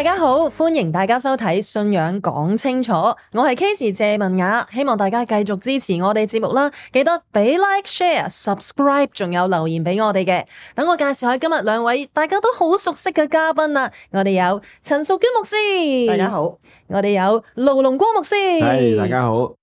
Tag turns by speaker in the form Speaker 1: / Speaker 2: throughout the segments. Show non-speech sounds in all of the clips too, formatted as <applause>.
Speaker 1: 大家好，歡迎大家收睇《信仰講清楚》，我係 Kate 謝文雅，希望大家繼續支持我哋節目啦。記得俾 like、share、subscribe，仲有留言俾我哋嘅。等我介紹下今日兩位大家都好熟悉嘅嘉賓啦。我哋有陳淑娟牧師，大家好；我哋有盧龍光牧師，係、hey，大家好。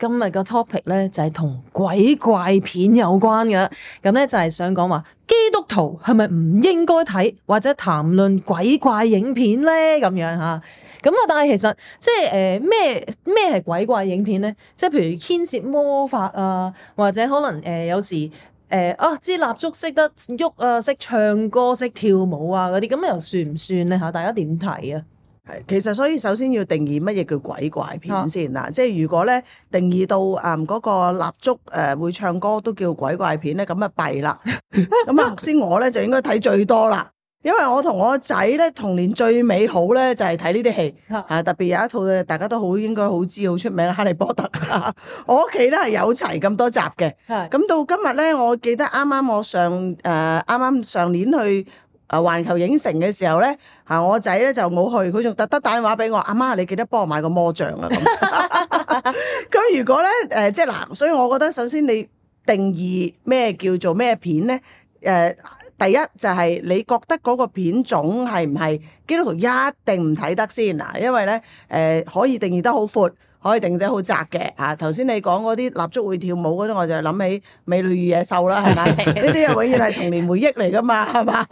Speaker 1: 今日個 topic 咧就係同鬼怪片有關嘅，咁咧就係想講話基督徒係咪唔應該睇或者談論鬼怪影片咧？咁樣吓，咁啊，但係其實即係誒咩咩係鬼怪影片咧？即係譬如牽涉魔法啊，或者可能誒、呃、有時誒、呃、啊支蠟燭識得喐啊，識唱歌識跳舞啊嗰啲，咁又算唔算咧？吓，大家點睇啊？
Speaker 2: 係，其實所以首先要定義乜嘢叫鬼怪片先啦，即係如果咧定義到誒嗰、嗯那個蠟燭誒、呃、會唱歌都叫鬼怪片咧，咁啊弊啦。咁啊、 <laughs> 嗯，頭先我咧就應該睇最多啦，因為我同我仔咧童年最美好咧就係睇呢啲戲，啊特別有一套大家都好應該好知好出名《哈利波特》 <laughs> 我屋企咧係有齊咁多集嘅，咁 <laughs> 到今日咧，我記得啱啱我上誒啱啱上年去。啊！環球影城嘅時候咧，嚇我仔咧就冇去，佢仲特登打電話俾我，阿媽你記得幫我買個魔杖啊！咁 <laughs> 如果咧誒即係嗱，所以我覺得首先你定義咩叫做咩片咧誒、呃，第一就係你覺得嗰個片種係唔係基督徒一定唔睇得先嗱，因為咧誒、呃、可以定義得好闊。可以定得好窄嘅嚇，頭、啊、先你講嗰啲蠟燭會跳舞嗰啲，我就諗起美女與野獸啦，係咪？呢啲又永遠係童年回憶嚟噶嘛，係嘛？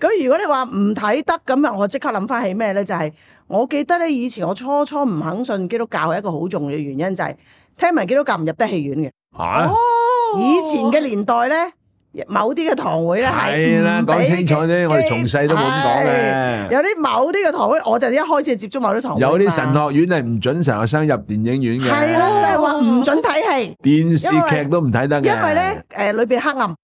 Speaker 2: 咁 <laughs> 如果你話唔睇得咁樣，我即刻諗翻起咩咧？就係、是、我記得咧，以前我初初唔肯信基督教係一個好重要嘅原因，就係、是、聽聞基督教唔入得戲院嘅。嚇、啊！以前嘅年代咧。某啲嘅堂會咧係啦，講清
Speaker 3: 楚啫，劇我哋從細都冇咁講嘅。
Speaker 2: 有啲某啲嘅堂會，我就一開始接觸某啲堂會。有
Speaker 3: 啲神學院係唔准神學生入電影院嘅，係啦
Speaker 2: 的，即係話唔准睇戲，電視劇都
Speaker 3: 唔睇得嘅，因為咧，
Speaker 2: 誒、呃、裏邊黑暗。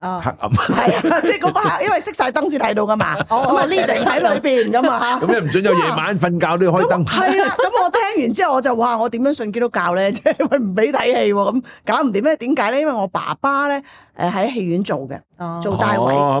Speaker 2: 啊，哦、 <laughs> 黑暗係啊，即係個，因為熄晒燈先睇到噶嘛，
Speaker 3: 咁啊呢層喺裏邊噶嘛吓，咁又唔准有夜晚瞓覺都要開燈，係啦、 <laughs> 嗯。
Speaker 2: 咁、嗯、我聽完之後我就話我點樣信基督教咧，即係佢唔俾睇戲咁搞唔掂咩？點解咧？因為我爸爸咧誒喺戲院做嘅，做大位、哦啊、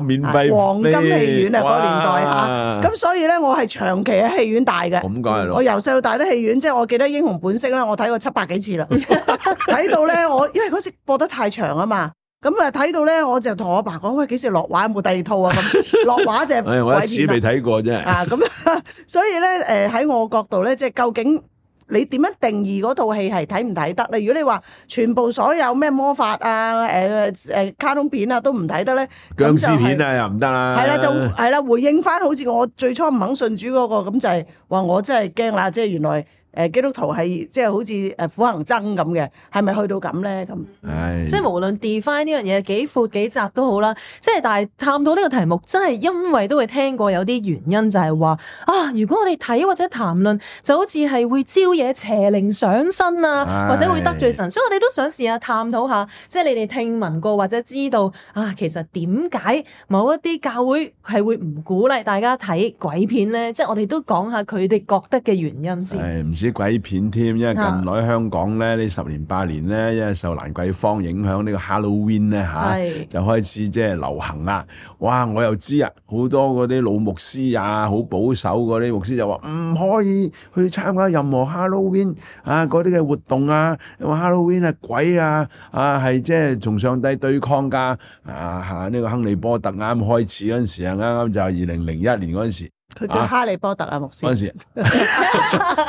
Speaker 2: 黃
Speaker 3: 金戲院啊，嗰哇 個年代吓，咁哇、啊、
Speaker 2: 所以咧我係長期喺戲院大嘅，咁我由細到大都戲院，即、就、係、是、我記得英雄本色啦，我睇過七百幾次啦，睇 <laughs> <laughs> 到咧我因為嗰時播得太長啊嘛。咁啊，睇到咧，我就同我爸講：喂，幾時落畫？有冇第二套啊？咁 <laughs> 落畫就
Speaker 1: 係
Speaker 3: <laughs> 我一次未睇過真係 <laughs> 啊！咁、嗯、
Speaker 2: 所以咧，誒、呃、喺我角度咧，即係究竟你點樣定義嗰套戲係睇唔睇得咧？如果你話全部所有咩魔法啊，誒、呃、誒、呃、卡通片啊都唔睇得咧，僵屍片啊又唔得啦，係啦就係、是、啦， <laughs> 啊、回應翻好似我最初唔肯信主嗰、那個咁就係、是、話我真係驚啦，即係原來。誒基督徒係即係好似誒苦行僧咁嘅，係咪去到咁咧？咁、哎、
Speaker 1: 即係無論 define 呢樣嘢幾闊幾窄都好啦。即係但係探討呢個題目，真係因為都會聽過有啲原因、就係，就係話啊，如果我哋睇或者談論，就好似係會招惹邪靈上身啊，哎、或者會得罪神，所以我哋都想試下探討下，即係你哋聽聞過或者知道啊，其實點解某一啲教會係會唔鼓勵大家睇鬼片咧？即係我哋都講下佢哋覺得嘅原因先。
Speaker 3: 哎啲鬼片添，因為近來香港咧呢十年八年咧，因為受蘭桂坊影響呢，呢個 Halloween 咧嚇就開始即係流行啦。哇！我又知啊，好多嗰啲老牧師啊，好保守嗰啲牧師就話唔可以去參加任何 Halloween 啊嗰啲嘅活動啊，因為 Halloween 係鬼啊啊，係即係從上帝對抗㗎啊嚇呢、啊呢個《亨利波特》啱開始嗰陣時啊，啱啱就係二零零一年嗰陣時。佢叫哈
Speaker 2: 利波特啊，牧師，嗰時，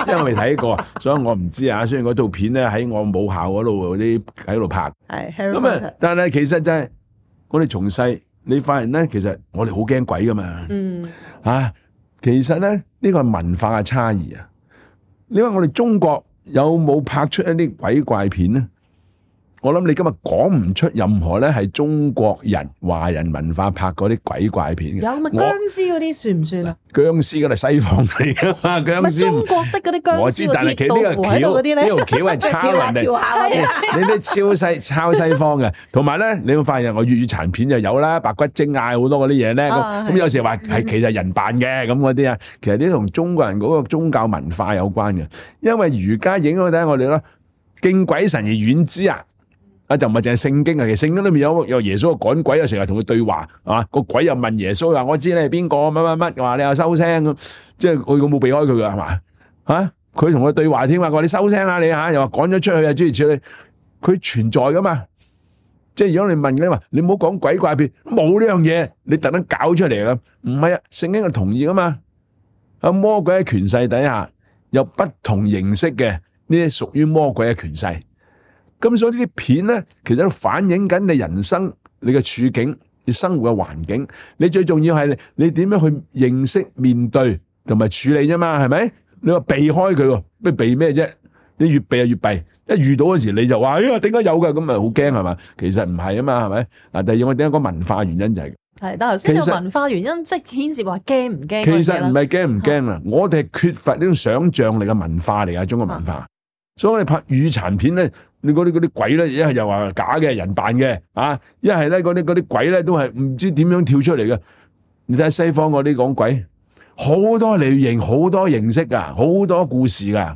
Speaker 2: 因
Speaker 3: 為我未睇過， <laughs> 所以我唔知啊。雖然嗰套片咧喺我母校嗰度嗰啲喺度拍，係咁啊。麼 Harry Potter. 但係其實就係我哋從細，你發現咧，其實我哋好驚鬼噶嘛。
Speaker 1: 嗯
Speaker 3: ，mm. 啊，其實咧呢、這個係文化嘅差異啊。你問我哋中國有冇拍出一啲鬼怪片咧？我諗你今日講唔出任何咧，係中國人華人文化拍嗰啲鬼怪片嘅。有咪僵屍
Speaker 1: 嗰啲算唔算啊？
Speaker 3: 僵屍嗰度西方嚟噶嘛？僵屍。中
Speaker 1: 國式嗰啲僵屍跳到湖喺度嗰啲咧，但其實個呢條橋係抄人哋。
Speaker 3: 你都超西抄西方嘅。同埋咧，你會發現我粵語殘片就有啦，白骨精嗌、啊、好多嗰啲嘢咧。咁、啊、有時話係其實人扮嘅咁嗰啲啊，嗯、其實啲同中國人嗰個宗教文化有關嘅，因為儒家影響睇我哋咯，敬鬼神而遠之啊。就唔係淨係聖經啊，其實聖經都未有。有耶穌趕鬼又成日同佢對話，係嘛？個鬼又問耶穌話：我知你係邊個乜乜乜？話你又收聲，即係佢有冇避開佢噶？係嘛？啊，佢同佢對話添啊！佢話你收聲啊！你吓又話趕咗出去啊！諸如此類，佢存在噶嘛？即係如果你問嘅話，你唔好講鬼怪片，冇呢樣嘢，你特登搞出嚟噶，唔係啊？聖經就同意噶嘛？啊，魔鬼嘅權勢底下有不同形式嘅呢啲屬於魔鬼嘅權勢。咁所以呢啲片咧，其實都反映緊你人生、你嘅處境、你生活嘅環境。你最重要係你點樣去認識、面對同埋處理啫嘛，係咪？你話避開佢喎，不如避咩啫？你越避啊越避，一遇到嗰時你就話：哎呀，點解有嘅？咁啊，好驚係嘛？其實唔係啊嘛，係咪？啊，第二我點解講文化原因就
Speaker 1: 係，係但頭先嘅文化原因即係牽涉話驚唔驚？其實唔
Speaker 3: 係驚唔驚啊！我哋係缺乏呢種想像力嘅文化嚟嘅，中國文化， <laughs> 所以我哋拍語殘片咧。呢你嗰啲啲鬼咧，一係又話假嘅人扮嘅，啊！一係咧嗰啲啲鬼咧都係唔知點樣跳出嚟嘅。你睇西方嗰啲講鬼，好多類型、好多形式㗎，好多故事㗎。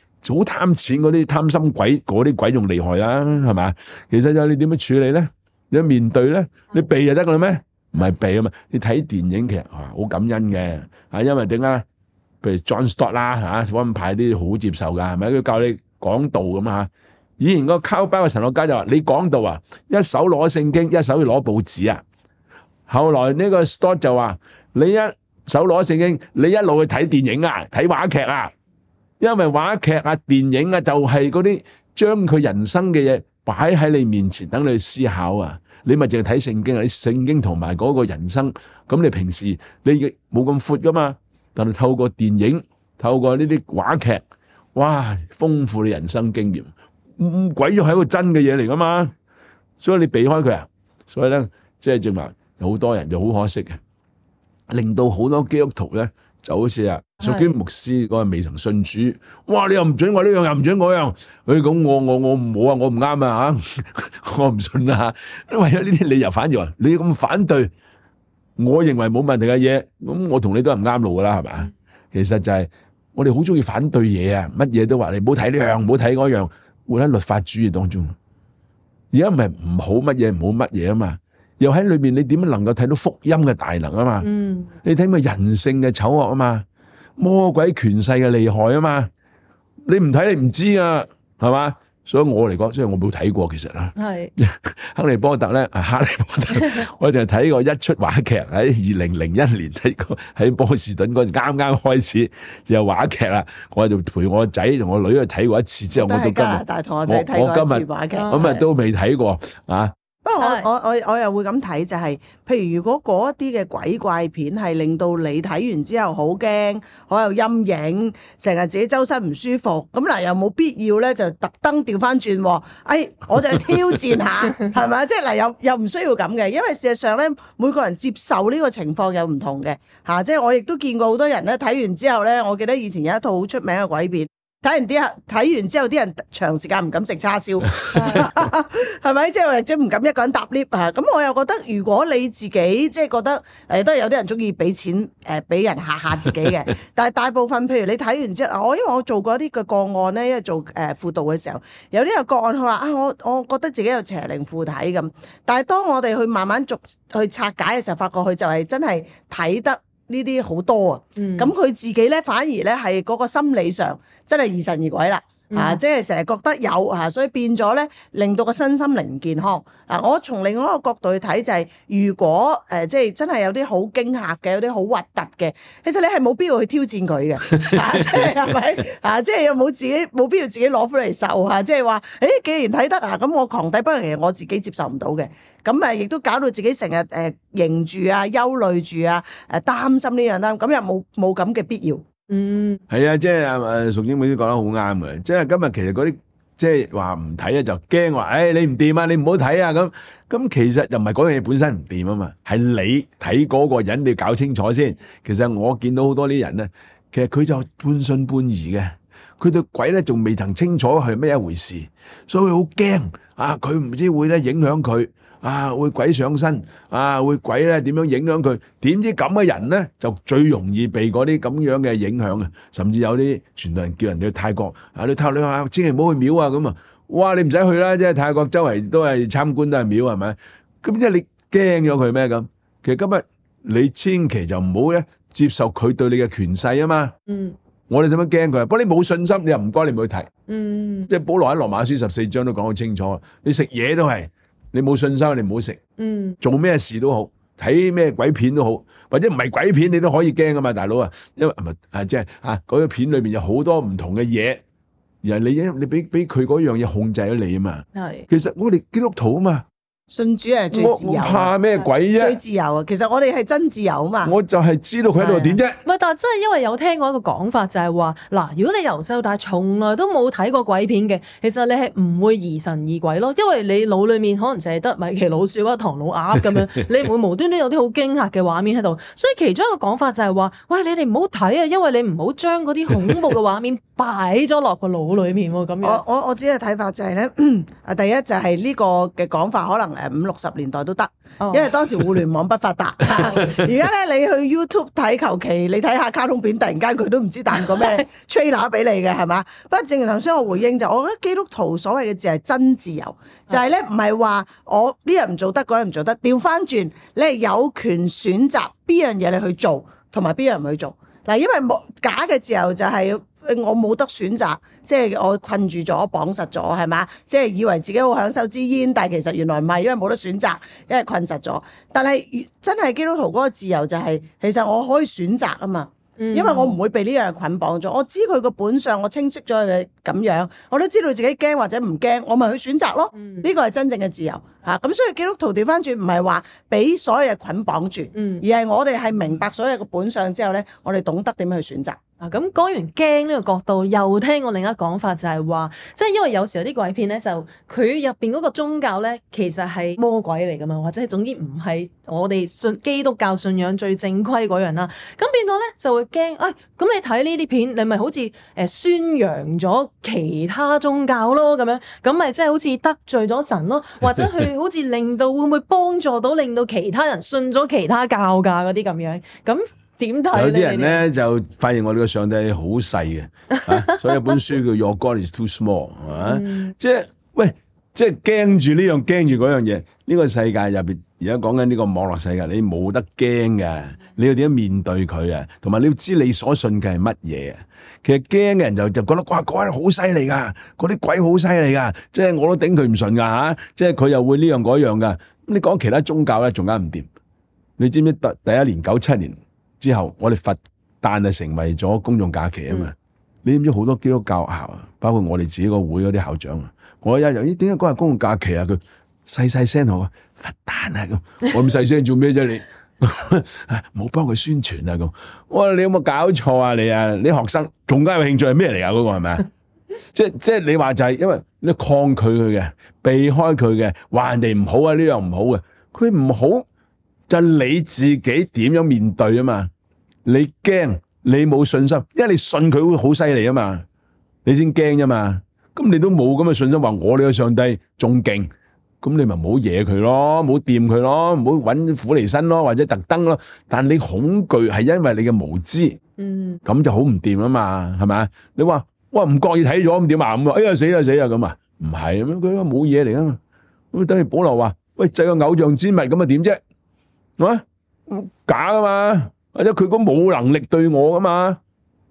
Speaker 3: 好貪錢嗰啲貪心鬼，嗰啲鬼仲厲害啦，係嘛？其實有你點樣處理咧？要面對咧，你避就得噶啦咩？唔係避啊嘛！你睇電影劇啊，好感恩嘅啊，因為點解咧？譬如 John Stott 啦，啊，嚇，安排啲好接受噶，係咪？佢教你講道咁啊。以前個 Karl Barth 嘅神學家就話：你講道啊，一手攞聖經，一手去攞報紙啊。後來呢個 Stott 就話：你一手攞聖經，你一路去睇電影啊，睇話劇啊。因為話劇啊、電影啊，就係嗰啲將佢人生嘅嘢擺喺你面前，等你去思考啊！你咪淨係睇聖經，你聖經同埋嗰個人生。咁你平時你亦冇咁闊噶嘛？但係透過電影，透過呢啲話劇，哇！豐富你人生經驗，鬼咗係一個真嘅嘢嚟噶嘛！所以你避開佢啊！所以咧，即係正話有好多人就好可惜嘅，令到好多基督徒咧。就好似啊，屬基牧師嗰個未曾信主，哇！你又唔准我呢樣，又唔准嗰樣，佢咁我我我唔好啊，我唔啱啊吓，我唔信啦吓，因為呢啲理由反而話，你咁反對，我認為冇問題嘅嘢，咁我同你都係唔啱路噶啦，係嘛？其實就係我哋好中意反對嘢啊，乜嘢都話你，唔好睇呢樣，唔好睇嗰樣，活喺律法主義當中，而家唔係唔好乜嘢，唔好乜嘢啊嘛。又喺裏面，你點樣能夠睇到福音嘅大能啊嘛？嗯、你睇咪人性嘅醜惡啊嘛？魔鬼權勢嘅厲害啊嘛？你唔睇你唔知啊，係嘛？所以我嚟講，雖然我冇睇過其實啦，是哈利波特咧，哈利波特， <laughs> 我淨係睇過一出話劇喺二零零一年喺喺波士頓嗰陣啱啱開始有話劇啊！我就陪我仔同我女去睇過一次之後，我到今日大同我仔睇過一次話劇今日都未睇過，我過啊！
Speaker 2: 不過我我我我又會咁睇就係，譬如，如果嗰一啲嘅鬼怪片係令到你睇完之後好驚，好有陰影，成日自己周身唔舒服，咁嗱又冇必要咧就特登調翻轉，哎，我就去挑戰下，係咪啊？即係嗱又又唔需要咁嘅。因為事實上咧每個人接受呢個情況有唔同嘅，吓，即係我亦都見過好多人咧睇完之後咧，我記得以前有一套好出名嘅鬼片。睇完啲人睇完之後，啲人長時間唔敢食叉燒，係咪？ <laughs> <laughs> 即係或者唔敢一個人搭 lift 啊？咁 <laughs> 我又覺得，如果你自己即係、就是、覺得誒，都係有啲人中意俾錢誒，俾、呃、人吓吓自己嘅。但係大部分，譬如你睇完之後，我因為我做過一啲嘅個案咧，因為做誒輔、呃、導嘅時候，有啲嘅個案佢話啊，我我覺得自己有邪靈附體咁。但係當我哋去慢慢逐去拆解嘅時候，發覺佢就係真係睇得。呢啲好多啊，咁佢自己咧反而咧係嗰個心理上真係疑神疑鬼啦。啊，即係成日覺得有啊，所以變咗咧，令到個身心靈唔健康。嗱，我從另外一個角度去睇就係，如果誒即係真係有啲好驚嚇嘅，有啲好核突嘅，其實你係冇必要去挑戰佢嘅，啊，即係係咪啊？即係又冇自己冇必要自己攞翻嚟受啊！即係話，誒，既然睇得啊，咁我狂睇，不過其實我自己接受唔到嘅，咁啊，亦都搞到自己成日誒凝住啊、憂慮住啊、誒擔心呢樣啦，咁又冇冇咁嘅必要。
Speaker 3: 嗯，係 <noise> 啊，即係啊，淑英妹都講得好啱嘅。即係今日其實嗰啲即係話唔睇啊，就驚、是、話，唉、就是哎，你唔掂啊，你唔好睇啊，咁咁其實就唔係嗰樣嘢本身唔掂啊嘛，係你睇嗰個人，你搞清楚先。其實我見到好多啲人咧，其實佢就半信半疑嘅，佢對鬼咧仲未曾清楚係咩一回事，所以好驚啊，佢唔知會咧影響佢。啊！會鬼上身啊！會鬼咧點樣影響佢？點知咁嘅人咧就最容易被嗰啲咁樣嘅影響啊！甚至有啲傳道人叫人哋去泰國啊，你睇下你話千祈唔好去廟啊咁啊！哇！你唔使去啦，即係泰國周圍都係參觀都係廟係咪？咁即係你驚咗佢咩咁？其實今日你千祈就唔好咧接受佢對你嘅權勢啊嘛。嗯，我哋點樣驚佢？不過你冇信心，你又唔該你唔去睇。嗯，即係保羅喺羅馬書十四章都講好清楚，你食嘢都係。你冇信心，你唔好食。嗯，做咩事都好，睇咩鬼片都好，或者唔係鬼片，你都可以驚㗎嘛，大佬啊，因為、即係、啊，即係嗰個片裏面有好多唔同嘅嘢，而係你因你俾俾佢嗰樣嘢控制咗你啊嘛。係，其實我哋基督徒啊嘛。
Speaker 2: 信主係最自由。我怕
Speaker 3: 咩鬼啫、啊？最自
Speaker 2: 由啊！其實我哋係真
Speaker 1: 自由啊嘛！
Speaker 3: 我就係知道佢喺度點啫。
Speaker 1: 唔係，但係真係因為有聽過一個講法就，就係話嗱，如果你由細到大從來都冇睇過鬼片嘅，其實你係唔會疑神疑鬼咯，因為你腦裏面可能就係淨係得米奇老鼠、或者唐老鴨咁樣，你唔會無端端有啲好驚嚇嘅畫面喺度。 <laughs> 所以其中一個講法就係話，喂，你哋唔好睇啊，因為你唔好將嗰啲恐怖嘅畫面擺咗落個腦裏面喎。咁樣 <laughs> 我。我我我只係睇法就係、是、咧，第一就係
Speaker 2: 呢個嘅講法可能。誒五六十年代都得，因為當時互聯網不發達。而家咧，你去 YouTube 睇，求其你睇下卡通片，突然間佢都唔知彈個咩 trailer 俾你嘅，係嘛？ <laughs> 不過正如頭先我回應就是，我覺得基督徒所謂嘅自由係真自由，就係咧唔係話我呢樣唔做得，嗰樣唔做得，調翻轉你係有權選擇邊樣嘢你去做，同埋邊樣唔去做嗱，因為冇假嘅自由就係、是我冇得選擇，即係我困住咗、綁實咗，係嘛？即係以為自己好享受支煙，但係其實原來唔係，因為冇得選擇，因為困實咗。但係真係基督徒嗰個自由就係、是，其實我可以選擇啊嘛，因為我唔會被呢樣捆綁咗。我知佢個本相，我清晰咗佢咁樣，我都知道自己驚或者唔驚，我咪去選擇咯。呢個係真正嘅自由嚇。咁、啊、所以基督徒調翻轉唔係話俾所有嘢捆綁，綁住，而係
Speaker 1: 我哋係明白所有嘅本相之後咧，我哋懂得點樣去選擇。咁講完驚呢個角度，又聽過另一講法，就係話，即係因為有時候啲鬼片咧，就佢入邊嗰個宗教咧，其實係魔鬼嚟㗎嘛，或者總之唔係我哋信基督教信仰最正規嗰樣啦。咁變到咧就會驚，誒、哎、咁你睇呢啲片，你咪好似誒宣揚咗其他宗教咯，咁樣咁咪即係好似得罪咗神咯，或者佢好似令到 <laughs> 會唔會幫助到令到其他人信咗其他教㗎嗰啲咁樣咁。有啲人咧
Speaker 3: 就發現我哋個上帝好細嘅，所以有本書叫 Your God is too small，、啊嗯、即係喂，即係驚住呢樣驚住嗰樣嘢。呢個世界入邊而家講緊呢個網絡世界，你冇得驚嘅，你要點樣面對佢啊？同埋你要知你所信嘅係乜嘢啊？其實驚嘅人就就覺得哇，嗰啲好犀利噶，嗰啲鬼好犀利噶，即係我都頂佢唔順噶嚇，即係佢又會呢樣嗰樣噶。咁你講其他宗教咧，仲加唔掂？你知唔知第第一年九七年？之後我哋佛誕啊成為咗公眾假期啊嘛，嗯、你知唔知好多基督教學校啊，包括我哋自己個會嗰啲校長小小啊，我一由咦，點解嗰日公眾假期啊，佢細細聲我佛誕啊咁，我咁細聲做咩啫你，冇幫佢宣傳啊咁，哇你有冇搞錯啊你啊，你學生仲加有興趣係咩嚟，啊嗰個係咪啊？即即係你話就係因為你抗拒佢嘅，避開佢嘅，話人哋唔好啊呢樣唔好嘅，佢唔好。就你自己點樣面對啊嘛？你驚你冇信心，因為你信佢會好犀利啊嘛，你先驚啫嘛。咁你都冇咁嘅信心，話我哋個上帝仲勁，咁你咪唔好惹佢咯，唔好掂佢咯，唔好搵苦嚟辛咯，或者特登咯。但你恐懼係因為你嘅無知，咁就好唔掂啊嘛，係咪啊？你話哇唔覺意睇咗咁點啊？咁啊哎呀死啊死啊咁啊？唔係咁佢冇嘢嚟啊嘛。咁等於保羅話：喂，祭偶像之物咁啊點啫？係、嗯、假噶嘛，或者佢咁冇能力對我噶嘛，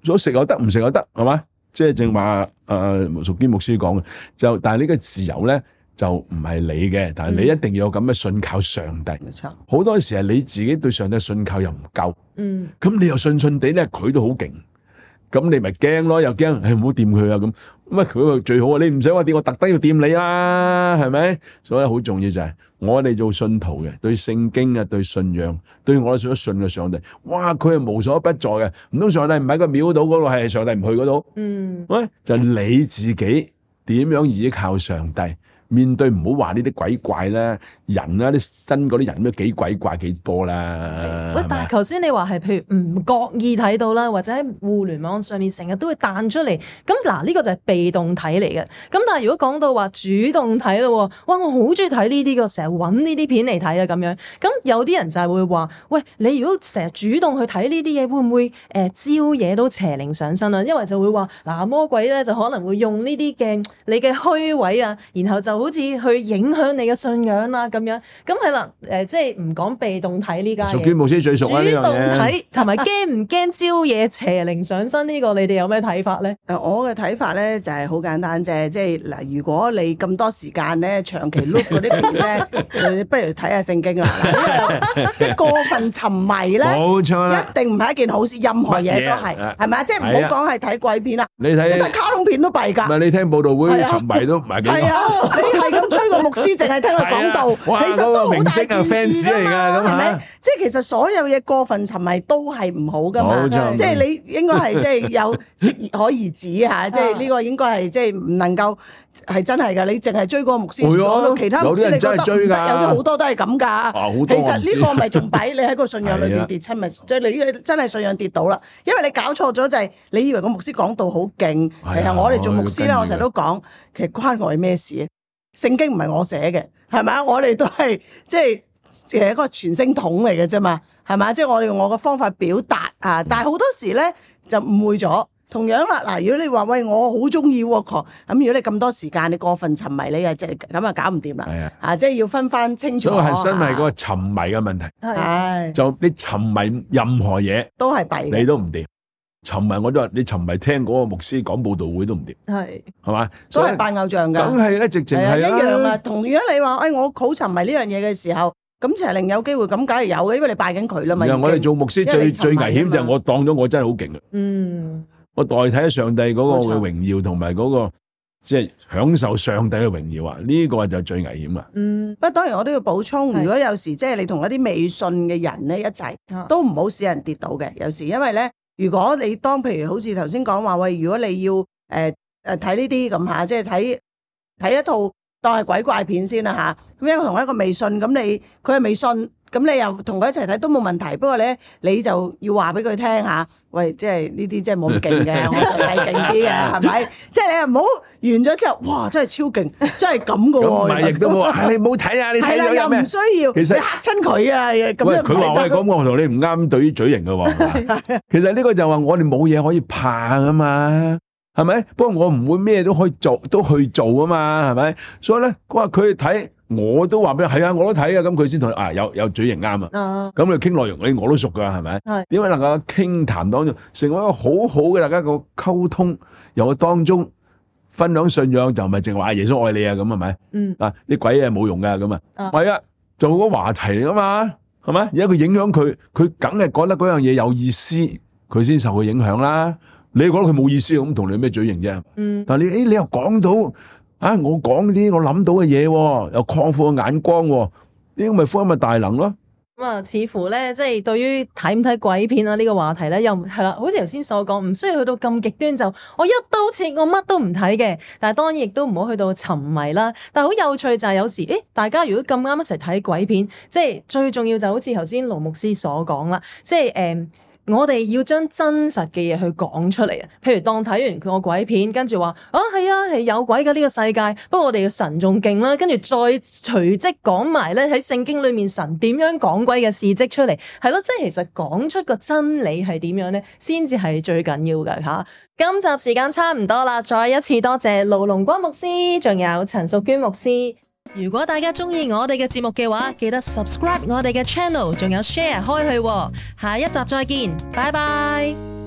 Speaker 3: 所食又得唔食又得，係嘛？即係正話誒，屬、呃、天牧師講嘅，就但係呢個自由咧就唔係你嘅，但係你一定要有咁嘅信靠上帝。錯好、嗯、多時係你自己對上帝信靠又唔夠，嗯，咁你又信信地咧，佢都好勁，咁你咪驚咯，又驚，係，唔好掂佢啊咁。咁啊佢最好啊，你唔使話掂我，我特登要掂你啦，係咪？所以好重要就係我哋做信徒嘅，對聖經啊，對信仰，對我哋所信嘅上帝，哇，佢係無所不在嘅。唔通上帝唔喺個廟度嗰度，係上帝唔去嗰度？嗯，喂，就你自己點樣依靠上帝？面對唔好話呢啲鬼怪啦，人啦、啊，啲新嗰啲人都幾鬼怪幾多，多啦。喂，吧但
Speaker 1: 係頭先你話係譬如唔覺意睇到啦，或者喺互聯網上面成日都會彈出嚟。咁嗱，呢、啊呢個就係被動睇嚟嘅。咁但係如果講到話主動睇咯，哇！我好中意睇呢啲嘅，成日揾呢啲片嚟睇啊咁樣。咁有啲人就係會話：喂，你如果成日主動去睇呢啲嘢，會唔會誒招惹到邪靈上身啊？因為就會話：嗱、啊，魔鬼咧就可能會用呢啲嘅你嘅虛位啊，然後就好似去影響你嘅信仰啦，咁樣咁係啦，誒，即係唔講被動睇呢家嘢，主動睇同埋驚唔驚招嘢邪靈上身呢個，你哋有咩睇法咧？
Speaker 2: 誒，我嘅睇法咧就係好簡單啫，即係嗱，如果你咁多時間咧，長期碌嗰啲咧，不如睇下聖經啊。即係過分沉迷咧，冇錯一定唔係一件好事，任何嘢都係，係咪啊？即係唔好講係睇鬼片啦，你睇卡
Speaker 3: 通片都弊㗎，唔係你聽布道會沉迷都唔係幾多。
Speaker 2: 係咁追個牧師，淨係聽佢講道，其實都好大件事嚟噶，係咪？即係其實所有嘢過分沉迷都係唔好噶嘛。即係你應該係即係有適可而止吓，即係呢個應該係即係唔能夠係真係噶。你淨係追嗰個牧師，講到其他牧師，有啲真係追噶，有啲好多都係咁噶。其實呢個咪仲擺你喺個信仰裏邊跌親，咪即係你真係信仰跌到啦。因為你搞錯咗就係你以為個牧師講道好勁，其實我哋做牧師咧，我成日都講，其實關我哋咩事？聖經唔係我寫嘅，係咪啊？我哋都係即係一個傳聲筒嚟嘅啫嘛，係咪啊？即係我哋用我嘅方法表達啊，但係好多時咧就誤會咗。同樣啦，嗱，如果你話喂，我好中意咁，如果你咁多時間，你過分沉迷，你又就咁又搞唔掂啦。係啊，啊，即係要分翻清楚。因為係因為嗰
Speaker 3: 個沉迷嘅問題，係、啊、就你沉迷任何嘢都係弊，你都唔掂。沉迷我都話，你沉迷聽嗰個牧師講佈道會都唔掂，係係嘛，都係拜偶像嘅，梗係咧，直情係一樣啊。
Speaker 2: 同如果你話，哎，我好沉迷呢樣嘢嘅時候，咁邪靈有機會，咁梗係有嘅，因為你拜緊佢啦嘛。其實我哋做牧
Speaker 3: 師最最危險就係我當咗我真係好勁啊。
Speaker 1: 嗯，
Speaker 3: 我代替咗上帝嗰個嘅榮耀同埋嗰個即係享受上帝嘅榮耀啊。呢個就最危險啊。嗯，
Speaker 2: 不過當然我都要補充，如果有時即係你同一啲未信嘅人咧一齊，都唔好使人跌倒嘅。有時因為咧。如果你當譬如好似頭先講話，喂，如果你要誒誒睇呢啲咁吓，即係睇睇一套當係鬼怪片先啦、啊、吓，咁樣同一個未信，咁你佢係未信。咁你又同佢一齊睇都冇問題，不過咧你就要話俾佢聽嚇，喂，即係呢啲真係冇咁勁嘅，我係睇勁啲嘅，係咪？即係你唔好完咗之後，哇！真係超勁，真係咁噶喎。咁唔係亦都話，
Speaker 3: 你冇睇啊？係啦，又唔需要，你嚇親佢啊？咁樣佢話：我係咁，我同你唔啱對嘴型噶。其實呢個就話我哋冇嘢可以怕啊嘛，係咪？不過我唔會咩都可以做，都去做啊嘛，係咪？所以咧，佢話佢睇。我都話俾你，係啊，我都睇啊，咁佢先同，啊有有嘴型啱啊，咁佢傾內容，誒我都熟噶，係咪？點解能夠傾談當中成為一個好好嘅大家個溝通？又當中分享信仰就唔係淨話阿耶穌愛你、嗯、啊，咁係咪？嗯，啊啲鬼嘢冇用噶，咁啊，係啊，做嗰話題嚟噶嘛，係咪？而家佢影響佢，佢梗係覺得嗰樣嘢有意思，佢先受佢影響啦。你覺得佢冇意思，咁同你咩嘴型啫？嗯，但你誒，你又講到。啊！我講啲我諗到嘅嘢，啊，又擴闊嘅眼光，啊，呢個咪福音咪大能咯。
Speaker 1: 咁啊，似乎咧，即係對於睇唔睇鬼片啊呢個話題咧，又係啦，好似頭先所講，唔需要去到咁極端就，就我一刀切，我乜都唔睇嘅。但係當然亦都唔好去到沉迷啦。但係好有趣就係有時，誒，大家如果咁啱一齊睇鬼片，即係最重要就好似頭先盧牧師所講啦，即係誒。嗯我哋要將真實嘅嘢去講出嚟啊！譬如當睇完個鬼片，跟住話哦，係啊係、啊、有鬼噶呢，呢個世界，不過我哋嘅神仲勁啦，跟住再隨即講埋咧喺聖經裏面神點樣講鬼嘅事迹出嚟，係咯、啊，即係其實講出個真理係點樣咧，先至係最緊要嘅吓。今集時間差唔多啦，再一次多謝盧龍光牧師，仲有陳淑娟牧師。如果大家中意我哋嘅節目嘅話，記得 subscribe 我哋嘅 channel，仲有 share 開去喎。下一集再見，拜拜。